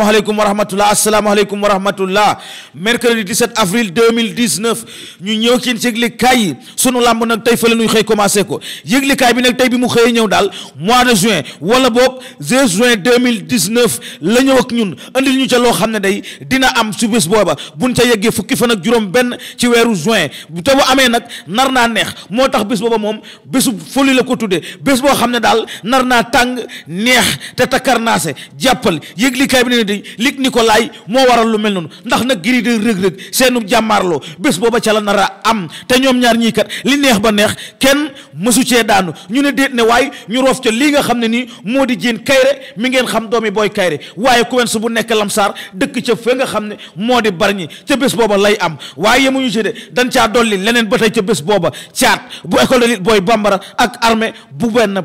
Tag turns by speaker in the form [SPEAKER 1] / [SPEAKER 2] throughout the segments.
[SPEAKER 1] asalaamaaleykum wa rahmatullah asalaamaaleykum wa rahmatullah mercredi 17 avril 2019 ñu ñëw ci yëglikaay yi sunu làmb nag tey fële nuy xëy commencé ko yëglikaay bi nag tey bi mu xëyee ñëw daal mois de juin wala boog 2 juin 2019 la ñëw ak ñun andil ñu ca loo xam ne day dina am su bés booba bu buñ ca yeggee fukki fan ak juróom benn ci weeru juin te bu amee nag nar naa neex moo tax bés booba moom bésu foli la ko tuddee bés boo xam ne daal nar naa tàng neex te takkarnaase jàppal yëglikaay bi di lig Nicolay moo waral lu mel noonu ndax nag Gris de Reug Reug seenu jàmmaarloo bés booba ca la nara a am te ñoom ñaar ñii kat li neex ba neex kenn mësu cee daanu ñu ne déet ne waaye ñu roof ca lii nga xam ne nii moo di jéen kayre mi ngeen xam doomi booy kayre waaye kuwensu bu nekk lamsaar dëkk ca fa nga xam ne moo di ñi ca bés booba lay am waaye yemuñu ci de dañ caa dolli leneen ba tey ca bés booba caat bu école de lutte booy bambara ak armée bu benn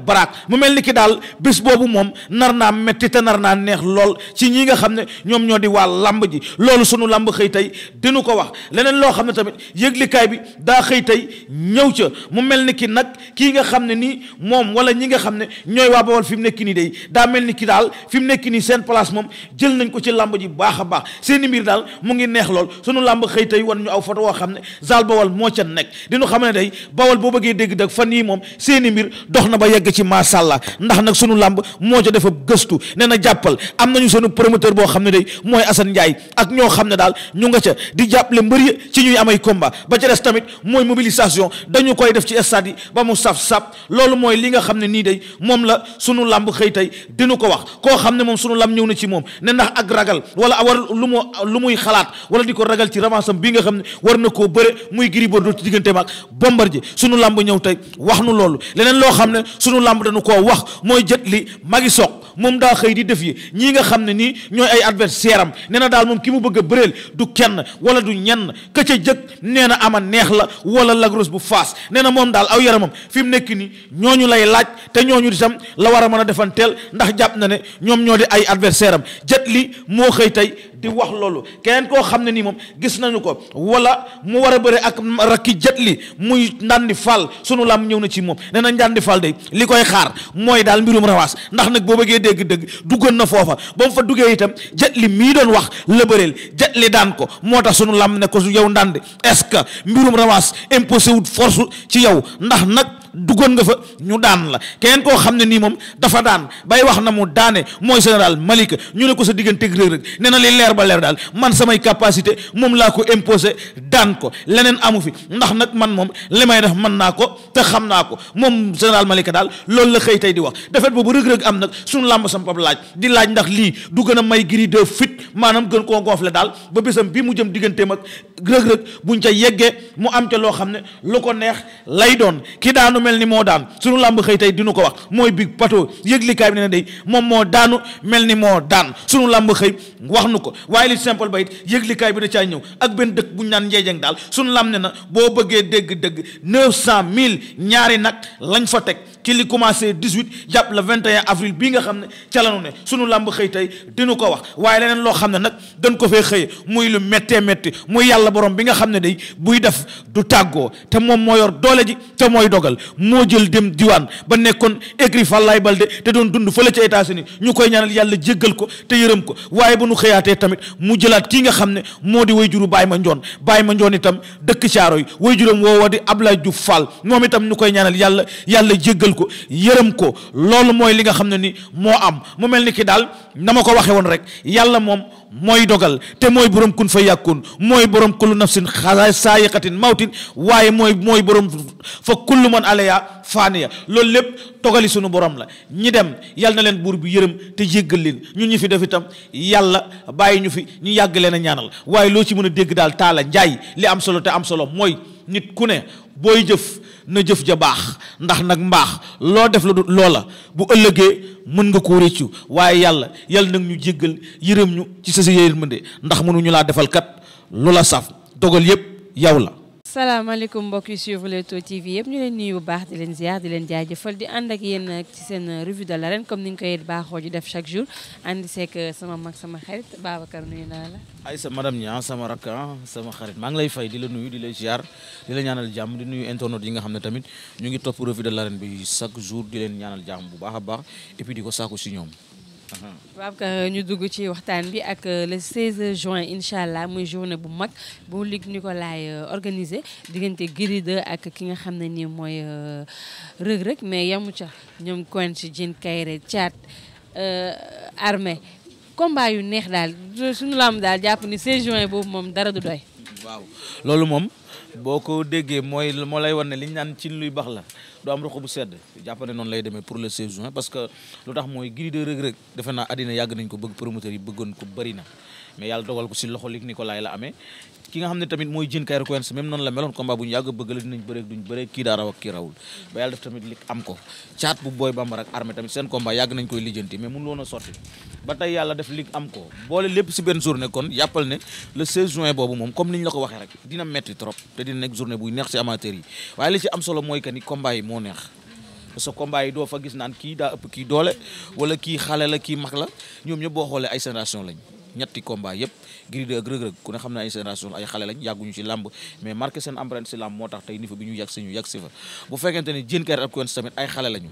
[SPEAKER 1] mu mel ni moom nar naa metti te nar ñi nga xam ne ñoom ñoo di waa làmb ji loolu sunu làmb xëy tey dinu ko wax leneen loo xam ne tamit yëglikaay bi daa xëy tey ñëw ca mu mel ni ki nag kii nga xam ne nii moom wala ñi nga xam ne ñooy waa Bawol fi mu nekk nii dey daa mel ni ki daal fi mu nekk nii seen place moom jël nañ ko ci làmb ji baax a baax seeni mbir daal mu ngi neex lool sunu làmb xëy tey wan ñu aw foto woo xam ne zaal Bawol moo ca nekk dinu xam ne day Bawol boo bëggee dégg dag fan yii moom seeni mbir dox na ba yegg ci maasàllaa ndax nag làmb moo ca promoteur boo xam ne day mooy Assane Ndiaye ñoo xam ne daal ñu nga ca di jàppale mbër yi ci ñuy amay combat ba ca des tamit mooy mobilisation koy def ci stade yi ba mu saf loolu mooy li nga xam ne nii day moom la sunu lamb xëy tey dinu ko wax koo xam ne moom sunu lamb ñëw na ci moom ne ndax ak ragal wala war lu mu lu muy xalaat wala di ko ragal ci revanche bii nga xam ne war na koo bëre muy Gris Bordeaux ci digganteem bombar ji sunu lamb ñëw tey wax nu loolu leneen loo xam ne sunu lamb dañu koo wax mooy jët li magi moom daa xëy di def yi ñii nga xam ne nii ñooy ay adversaire am nee na daal moom ki mu bëgg a bëreel du kenn wala du ñenn ka ca jëkk nee na ama neex la wala lagros bu fas nee na moom daal aw yaramam fi mu nekk nii ñoo ñu lay laaj te ñoo ñooñu itam la war a mën a defanteel ndax jàpp na ne ñoom ñoo di ay adversaire am jët li moo xëy tey di wax loolu keneen koo xam ne nii moom gis nañu ko wala mu war a bëre ak rakki jët li muy ndandi fall sunu lam ñëw na ci moom nee na ndandi fall li koy xaar mooy daal mbirum rawaas ndax nag boo bëggee dégg-dégg duggoon na foofa ba mu fa duggee itam jët li mii doon wax la bëreel jët li daan ko moo tax suñu lam ne ko yow ndandi est mbirum rawaas imposé wut force ci yow ndax nag duggoon nga fa ñu daan la kenn koo xam ne nii moom dafa daan bay wax na mu daane mooy général Malika ñu ne ko sa diggante Reug Reug nee na li leer ba leer daal man samay capacité moom laa ko imposé daan ko leneen amu fi ndax nag man moom li may def mën naa ko te xam naa ko moom général Malika daal loolu la xëy tey di wax defet boobu rëg-rëg am nag suñu làmb sam pap laaj di laaj ndax lii du gën a may giri de fit maanaam gën koo gonfle daal ba bésam bi mu jëm digganteem ak rëg-rëg buñ ca yeggee mu am ca loo xam ne lu ko neex lay doon ki daanu mel ni moo daan suñu làmb xëy tey dinu ko wax mooy big pato yëglikaay bi ne day moom moo daanu mel ni moo daan suñu làmb xëy wax nu ko waaye li simple ba it yëglikaay bi da caa ñëw ak benn dëkk buñ naan njeej Jeng daal suñ lam ne na boo bëggee dégg-dégg neuf cent mille ñaari nag lañ fa teg ci li commencé 18 jàpp le 21 avril bii nga xam ne ca la ñu ne sunu làmb xëy tey dinu ko wax waaye leneen loo xam ne nag dañ ko fee xëye muy lu méttee métti muy yàlla borom bi nga xam ne day buy def du tàggoo te moom moo yor doole ji te mooy dogal moo jël dem diwaan ba nekkoon écrit Falaye Balde te doon dund fële ca États-Unis ñu koy ñaanal yàlla jéggal ko te yërëm ko waaye ba nu xëyaatee tamit mu jëlaat kii nga xam ne moo di way juru Baye Mandione Baye Mandione itam dëkk caaro yi way juróom woowa di Ablaye Diouf Fall moom itam ñu koy ñaanal yàlla yàlla jéggal bëggal ko yërëm ko loolu mooy li nga xam ne ni moo am mu mel ni kii daal na ma ko waxe woon rek yàlla moom mooy dogal te mooy borom kun fa yàkkoon mooy borom kullu nafsin saayiqatin mawtin waaye mooy mooy borom fa kullu man alaya faaniya loolu lépp togali sunu borom la ñi dem yàlla na leen buur bi yërëm te jéggal leen ñun ñu fi def itam yàlla bàyyi ñu fi ñu yàgg leen a ñaanal waaye loo ci mën a dégg daal taala njaay li am solo te am solo mooy nit ku ne booy jëf na jëf ja baax ndax nag mbaax loo def la du loola bu ëllëgee mën nga koo réccu waaye yàlla yàlla nag ñu jéggal yërëm ñu ci sa si yërmande ndax mënuñu laa defal kat lu la saf dogal yépp yow la
[SPEAKER 2] salaamaaleykum mbokk yi suivre Leewtoo TV yëpp ñu leen nuyu bu baax di leen ziar di leen jaajëfal di ànd ak yéen ci seen revue de l'arène comme ni ñu koy baaxoo ji def chaque jour ànd seeg sama mag sama xarit Babacar nuyu naa la.
[SPEAKER 1] ay sa madame Niang sama rakk ah, sama xarit maa ngi lay fay di la nuyu di la ziar di la ñaanal jàmm di nuyu internet yi nga xam ne tamit ñu ngi topp revue de l'arène bi chaque jour di leen ñaanal jàmm bu baax a baax et puis di ko saako si ñoom.
[SPEAKER 2] Babacar ñu dugg ci waxtaan bi ak euh, le 16 juin incha allah muy journée bu mag bu Luc Nicolaï euh, organisé diggante Gris ak ki nga xam ne nii mooy euh, Reug Reug mais yamu ca ñoom Quench Diène Kaïré Thiat Armé combat yu neex daal suñu lamb daal jàpp ni 16 juin boobu moom dara du doy.
[SPEAKER 1] waaw loolu moom. boo ko déggee mooy moo lay wan ne li ñu naan ci luy baax la du am roxo bu sedd jàpp ne noonu lay demee pour le saison juin parce que lu tax mooy Gris de Reug Reug defe naa àddina yàgg nañ ko bëgg promoteur yi bëggoon ko barina mais yàlla dogal ko si loxo Luc Nicolaï la amee ki nga xam ne tamit mooy jën kay recoins même noonu la meloon combat bu ñu yàgg bëgg la dinañ bëreeg duñ bëreeg kii daa raw kii rawul ba yàlla def tamit Luc am ko caat bu booy bambara ak armée tamit seen combat yàgg nañ koy lijjanti mais mënu loon a sotti ba tey yàlla def Luc am ko boole lépp si benn journée kon yàppal ne le 16 juin boobu moom comme ni ñu la ko waxee rek dina metti trop te dina nekk journée buy yi waaye li ci am solo mooy que ni combat yi moo neex parce que doo fa gis naan kii daa ëpp kii doole wala kii xale la kii mag la ñoom ñëpp boo xoolee ay génération lañ ñetti combat yëpp Gris 2 ak Reug Reug ku ne xam ne ay génération ay xale lañ yàgguñu ci làmb mais marqué seen empreinte ci làmb moo tax tey niveau bi ñu yàgg si ñu fa bu fekkente ne Diène Kaïré ak Quench tamit ay xale li ñu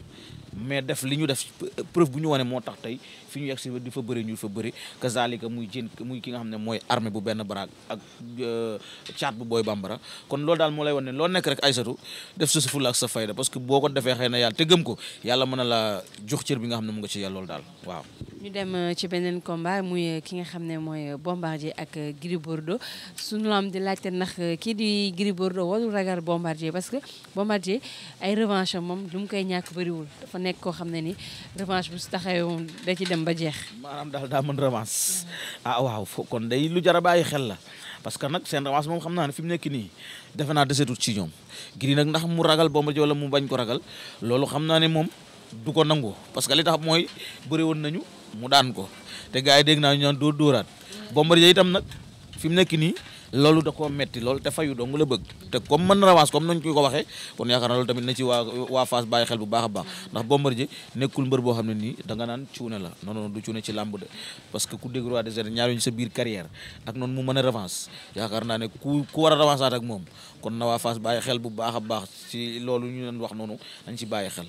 [SPEAKER 1] def preuve bu ñu wane moo tax tey fi ñu yegg si di fa bëri ñu fa bëri kazalika muy jën muy ki nga xam ne mooy armée bu benn baraag ak euh, caat bu booy bambara kon loolu daal moo lay wan ne loo nekk rek aysatu def sa fulla ak sa fayda parce que boo ko defee xëy na yàlla te gëm ko yàlla mën na la jox cër bi nga xam ne mu nga ci yàlla daal waaw
[SPEAKER 2] ñu dem euh, ci beneen combat muy euh, ki nga xam ne mooy euh, bombardier ak Gris Bordeaux suñu la am di laajte nax kii di Gris Bordeaux warul ragal bombardier parce que bombardier ay revanche moom lu mu koy ñàkk bëriwul dafa nekk koo xam ne ni revanche bu su taxawoon da ci dem ba jeex. maanaam
[SPEAKER 1] daal daa mën revanche. ah waaw fo day lu jar a bàyyi xel la. parce que nag seen revanche moom xam naa ne fi mu nekk nii defe naa desetut ci ñoom Gris nag ndax mu ragal bombardier wala mu bañ ko ragal loolu xam naa ne moom. du ko nangu parce que li tax mooy bëri woon nañu mu daan ko te gars yi dégg naa ñu naan dóor dóoraat Bombardier itam nag fi mu nekk nii loolu da koo metti loolu te fayu dong la bëgg te comme mën na revanche comme nañ koy ko waxee kon yaakaar naa loolu na ci waa waa Fass bàyyi xel bu baax a baax ndax Bombardier nekkul mbër boo xam ne nii da nga naan cuune la non non du cuune ci làmb ku dégg roi des arènes ñaar ñu sa biir carrière ak noonu mu mën a revanche yaakaar naa ne ku ku war a revanche ak moom kon na waa Fass bàyyi xel bu baax a baax loolu ñu leen wax noonu dañ ci bàyyi xel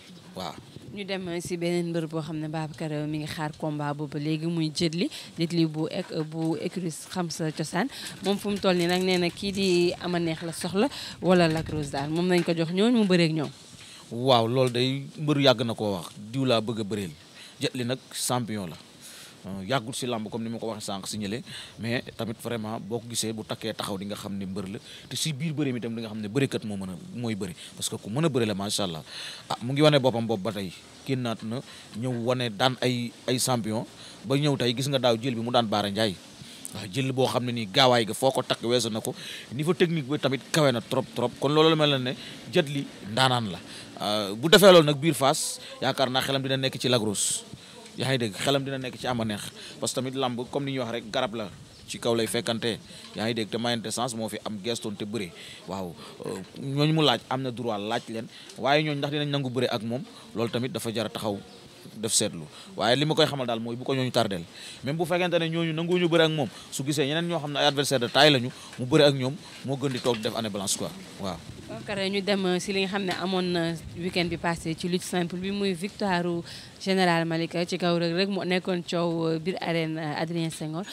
[SPEAKER 2] ñu dem si beneen mbër boo xam ne baa bu Babacar mi ngi xaar combat boobu léegi muy jëtli jëtli bu ek bu écrus xam sa cosaan moom fu mu toll nii nag nee na kii di ama neex la soxla wala lagros daal moom nañ ko jox ñooñu mu bëreeg ñoom.
[SPEAKER 1] waaw loolu day mbër yàgg na ko wax diw laa bëgg a bëreel jëtli nag champion la. Euh, yàggul si làmb comme ni ma ko waxee sànq si ñële mais tamit vraiment boo ko gisee bu takkee taxaw di nga xam ne mbër la te si biir bëri mi tam di nga xam ne bërikat moo mën a mooy bëri parce que ku mën a bëri la macha allah ah mu ngi wane boppam bopp ba tey génnaat na ñëw wane daan ay ay champion ba ñëw tey gis nga daaw jël bi mu daan Baara Ndiaye waaw jël boo xam ne nii gaawaay ga foo ko takk weesu na ko niveau technique bi tamit kawe na trop trop kon loolu mel na ne jët li ndaanaan la ah, bu defee loolu nag biir Fass yaakaar naa xelam dina nekk ci Lac yaa ngi dégg xelam dina nekk ci ama neex parce que tamit lamb comme ni ñuy wax rek garab la ci kaw lay fekkante yaa ngi dégg te mayante sens moo fi am gestoon te bëre waaw ñooñu mu laaj am na droit laaj leen waaye ñooñu ndax dinañ nangu bëre ak moom loolu tamit dafa jar a taxaw def seetlu waaye li ma koy xamal daal mooy bu ko ñooñu tardel même bu fekkente ne ñooñu nanguñu bëri ak moom su gisee ñeneen ñoo xam ne ay adversaire de taille lañu mu bëri ak ñoom moo gën di toog def année blanche quoi waaw
[SPEAKER 2] Babacar ñu dem euh, si li nga xam ne amoon na weekend bi passé ci lutte simple bi muy victoire général Malika ci kaw rek rek mu nekkoon coow euh, biir arène euh, Adrien Senghor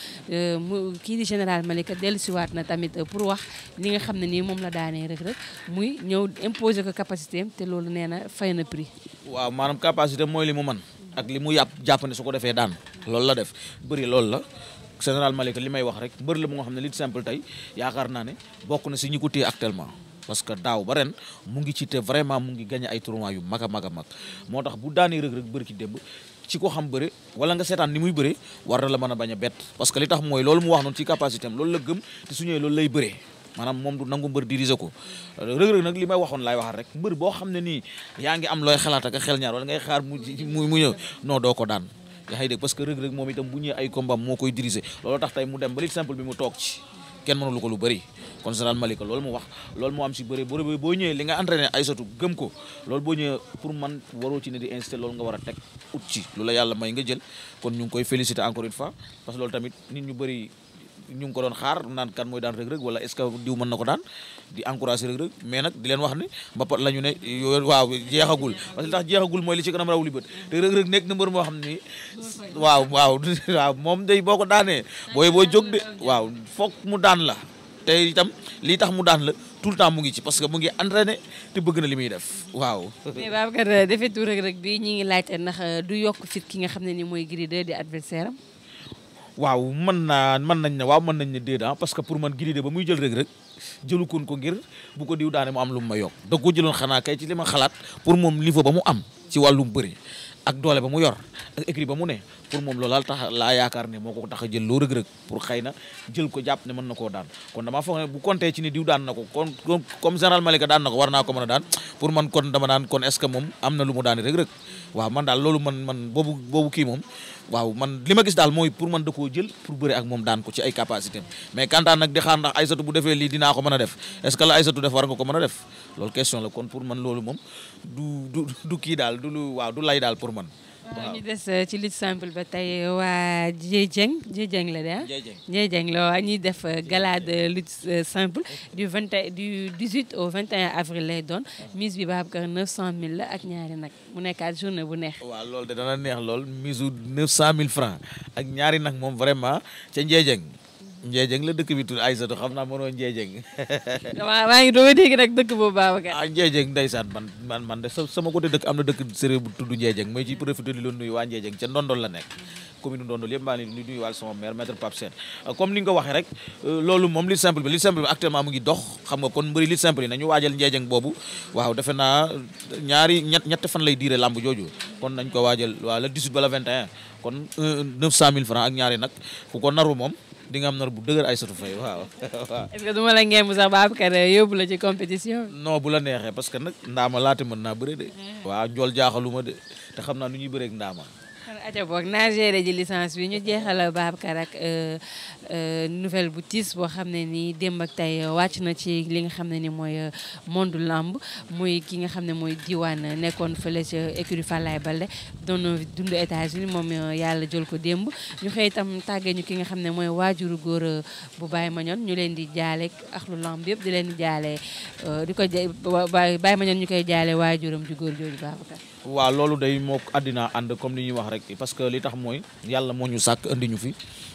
[SPEAKER 2] mu kii di général Malika dellusiwaat na tamit pour wax li nga xam ne nii moom la daanee rek rek muy ñëw imposer ko capacité am te loolu nee na fay na prix
[SPEAKER 1] waaw maanaam capacité mooy li mu man ak li mu yàpp jàpp ne su ko defee daan loolu la def bëri loolu la général Malick li may wax rek mbër la mu nga xam ne li simple tey yaakaar naa ne bokk na si ñi ko actuellement parce que daaw ba ren mu ngi ci vraiment mu ngi gagné ay tournois yu mag a mag a mag moo tax bu daanee rëg-rëg bëri ci démb ci ko xam bëre wala nga seetaan ni muy bëre war na la mën a bañ a bett parce que li tax mooy loolu mu wax noonu ci capacité loolu la gëm te su ñëwee loolu lay bëre maanaam moom du nangu mbër diriger ko rëg-rëg nag li may waxoon laay waxaat rek mbër boo xam ne nii yaa ngi am looy xalaat ak xel ñaar wala ngay xaar mu mu ñëw non doo ko daan yaa parce que rëg-rëg moom itam bu ñëwee ay moo koy diriger loolu tax tey mu dem ba li simple bi mu toog kenn mënu lu ko lu bëri kon général Malika loolu mu wax loolu moo am si bëri bëri boo ñëwee li nga entraîné ay sotu gëm ko loolu boo ñëwee pour man waroo ci ne di incité loolu nga war a teg ut ci lu la yàlla may nga jël kon ñu ngi koy féliciter encore une fois parce que loolu tamit nit ñu bëri ñu ngi ko doon xaar naan kan mooy daan Reug Reug wala est-ce que diw mën na ko daan di encourager Reug Reug nekk na moo xam ne waaw moom day boo ko daanee booy boo jóg de waaw foog mu daan la te itam lii tax mu daan la tout temps mu ngi ci parce que mu ngi entraîné te bëgg na li muy def waaw. mais
[SPEAKER 2] Babacar defetu Reug Reug bi ñi ngi laajte ndax du yokk fit ki nga xam ne ni mooy Gris di adversaire
[SPEAKER 1] waaw mën naa mën nañ ne waaw mën nañ ne déedéet ah, parce que pour man Gris ba muy jël Reug rek jëlu koon ko ngir bu ko diw daane mu am lu mu ma yokk da ko jëloon xanaa kay ci li ma xalaat pour moom niveau ba mu am ci wàllum bëri ak doole ba mu yor écrit ba mu ne pour moom loolaal tax laa yaakaar ne moo ko tax a jël loo rëg-rëg pour xëy na jël ko jàpp ne mën na koo daan kon damaa foog ne bu compté ci ni diw daan na ko kon moom man daal da koo jël pour bëre ak moom daan ko ci ay capacité mais kantaan nag di xaar ndax Aysatu bu defee lii dinaa ko mën def est ce que la Aysatu def war ko mën a def loolu question la kon pour man loolu moom du du du daal du lay daal pour man.
[SPEAKER 2] waaw ñu des euh, ci lutte simple ba tey waa Dieng Dieng la de ah. Dieng Dieng la waa ñuy def euh, gala de lutte euh, simple du du 18 au 21 avril lay doon ah. mise bi Babacar cent mille ak ñaari nag mu nekkaat journée bu neex. waaw
[SPEAKER 1] loolu de dana neex lool mise bu 900000 francs ak ñaari nag moom vraiment ca Dieng Njeejeng la dëkk bi tudd Aysatu xam naa mënoo Njeejeng. waaw
[SPEAKER 2] maa ngi doog a nag dëkk boobu Babacar.
[SPEAKER 1] ah Njeejeng ndeysaan man man man de sama ko côté dëkk am na dëkk séeréer bu tudd Njeejeng may ci profité di la nuyu waa Njeejeng ca Ndondol la nekk. commune Ndondol yëpp maa ngi leen di nuyuwaale sama maire maître Pape euh, comme ni ko waxee rek euh, loolu moom lutte simple bi lutte simple bi actuellement mu ngi dox njeejeng boobu waaw defe naa ñaari ñett fan lay diire làmb jooju kon nañ ko waajal waaw le 18 ba le 21 kon 900000 euh, francs ak ñaari nag ku ko naru moom di nga am nar bu dëgër ay sotu fay waaw waaw.
[SPEAKER 2] est-ce du ma la ngemb sax Babacar eh, yóbbu la ci compétition
[SPEAKER 1] non bu la neexee parce que nag ndaama laata mën naa bëre de. Eh. waaw njool jaaxaluma de te xam na nu ñuy bëreeg ndaama.
[SPEAKER 2] aja boog naa géré ji licence bi ñu jeexal Babacar ak euh, euh, nouvelle bu tiis boo xam ne nii démb ak tay wàcc na ci li nga xam ne ni mooy euh, monde lamb mooy ki nga xam ne mooy diwaan nekkoon fële ca écurie Falaye doono dund États-Unis moom yàlla jël ko démb ñu xëy itam tàggee ñu ki nga xam ne mooy waajuru góor bu Baye mañoon ñu leen di jaale ak lu lamb yëpp di leen di jaale di ko Baye Mandione ñu koy jaale waajuram ju góor jooju Babacar
[SPEAKER 1] waaw loolu day moo àddina ànd comme li ñuy wax rek parce que li tax mooy yàlla moo ñu sàkk andi ñu fi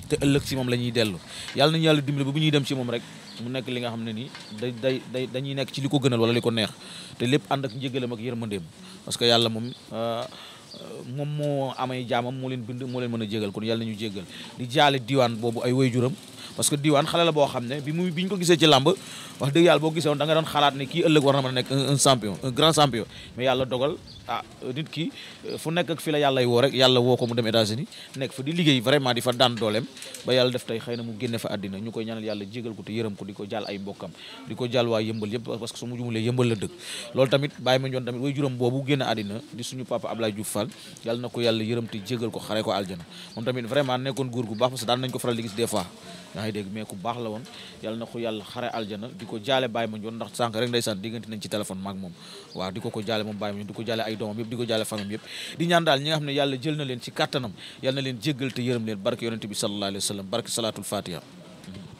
[SPEAKER 1] te ëllëg si moom la ñuy dellu yàlla nañu yàlla dimbali ba bu ñuy dem si moom rek mu nekk li nga xam ne nii day day day dañuy nekk ci li ko gënal wala li ko neex te lépp ànd ak njégalam ak yërmandeem parce que yàlla moom euh, euh, moom moo amay jaamam moo leen bind moo leen mën a jégal kon yàlla nañu jégal di jaale diwaan boobu ay waajuram parce que diwaan xale la boo xam ne bi mu bi ñu ko gisee ci làmb wax dëgg yàlla boo gisee woon da doon xalaat ne kii ëllëg war na mën a nekk un champion un grand champion mais yàlla dogal ah nit ki euh, fu nekk fi la yàlla woo rek yàlla woo ko mu dem États-Unis nekk fa di liggéey vraiment di fa daan dooleem ba yàlla def tey xëy na mu génne fa àddina ñu koy ñaanal yàlla jégal ko te yërëm ko di ko jàll ay mbokkam di ko jàll waa yëmbal yëpp parce que su yàlla na ko yàlla yërëm te jégal ko xare ko baax parce que daan nañ ko yaa ngi dégg mais ku baax la woon yàlla na ko yàlla xare aljana di ko jaale Baye Mandione ndax sànq rek ndeysaan diggante nañ ci téléphone maag moom waaw di ko ko jaale moom Baye Mandione di ko jaale ay doomam yëpp di ko jaale famam yëpp di ñaan daal ñi nga xam ne yàlla jël na leen ci kàttanam yàlla na leen jéggal te yërëm leen barke yonente bi sallallahu alayhi wa barke salaatul fatiha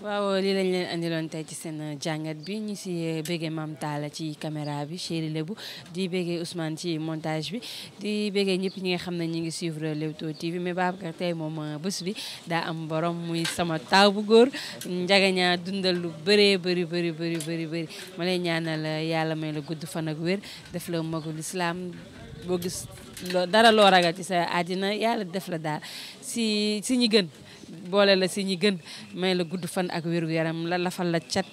[SPEAKER 2] waaw lii lañ leen andiloon tey ci seen euh, jàngat bi ñu si euh, béggee ci caméra bi Chéri Lébou di béggee Ousmane ci montage bi di ñëpp ñi nga xam ne ñu ngi suivre Leewtoo TV mais Babacar tey moom euh, bés bi daa am boroom muy sama taaw bu góor njagañaa dundal lu bëree bëri bëri bëri bëri bëri ma lay ñaanal yàlla may la gudd fan ak wér def la magul islaam boo gis dara loo ragal ci sa àddina yàlla def la daal si si ñi gën boole la si ñi gën may la gudd fan ak wér gu yaram la lafal la cat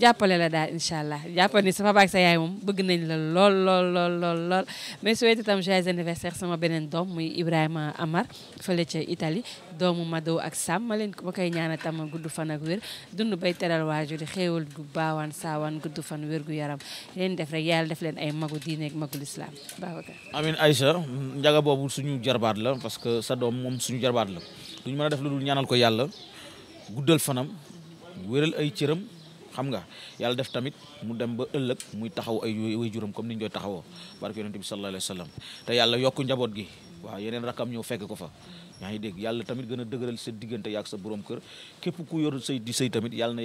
[SPEAKER 2] jàppale la daal incha allah jàppal ni sa papa ak yaay moom bëgg nañ la lool lool lool lool lool mais souhaité tam joyeux anniversaire sama beneen doom muy Ibrahima Amar fële ca itali doomu Mado ak Sam ma leen ma koy ñaanal tam gudd fan ak wér dund bay teral waajur di xéewal gu baawaan saawaan gudd fan wér gu yaram leen def rek yàlla def leen ay magu diine ak magu lislaam Babacar.
[SPEAKER 1] amiin Aïcha njaga boobu suñu jarbaat la parce que sa doom moom suñu jarbaat la. duñ mën def lu dul ñaanal ko yàlla guddal fanam wéral ay cëram xam nga yàlla def tamit mu dem ba ëllëg muy taxaw ay waajuram comme niñ koy taxawoo barke yonent bi sallallahu alayhi wa te yàlla yokk njaboot gi waaw yeneen rakam ñëw fekk ko fa yaa ngi dégg yàlla tamit gën dëgëral sa diggante yaak sa borom kër képp ku yor sëy di sëy tamit yàlla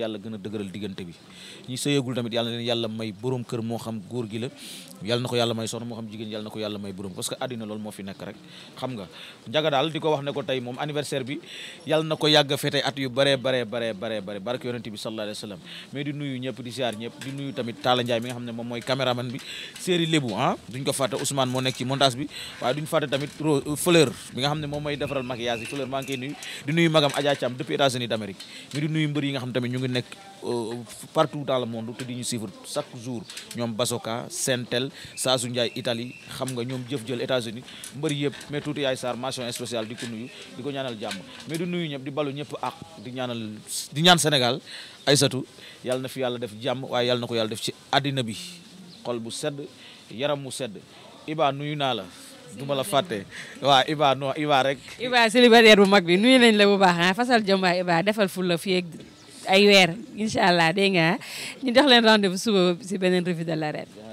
[SPEAKER 1] may borom kër moo xam góor gi la yàlla na ko yàlla moo xam jigéen yàlla na yàlla may borom parce moo xam ne moom anniversaire bi ah, wa defaral maquillage yi couleur maa ngi koy nuyu di nuyu magam Adja Thiam depuis États-Unis d'Amérique mais di nuyu mbër yi nga xam tamit ñu ngi nekk euh, partout dans le monde te di ñu suivre chaque jour ñoom Basoka Sentel Sasu Ndiaye Italie xam nga ñoom jëf jël États-Unis mbër yëpp mais tuuti yaay Sarr mention spéciale di ko di ko ñaanal jàmm mais di nuyu ñëpp di balu ñëpp ak di ñaan Sénégal Aysatu yàlla na fi yàlla def jàmm waaye yàlla na ko yàlla def ci addina bi xol bu sedd yaram mu sedd du ma la fàtte waaw Iba non Iba rek. Iba
[SPEAKER 2] célibataire bu mag bi nuyu nañ la bu baax ah fasal jom waay Iba defal ful la fii ak ay weer incha allah dégg ah. suba si beneen revue de l'arène.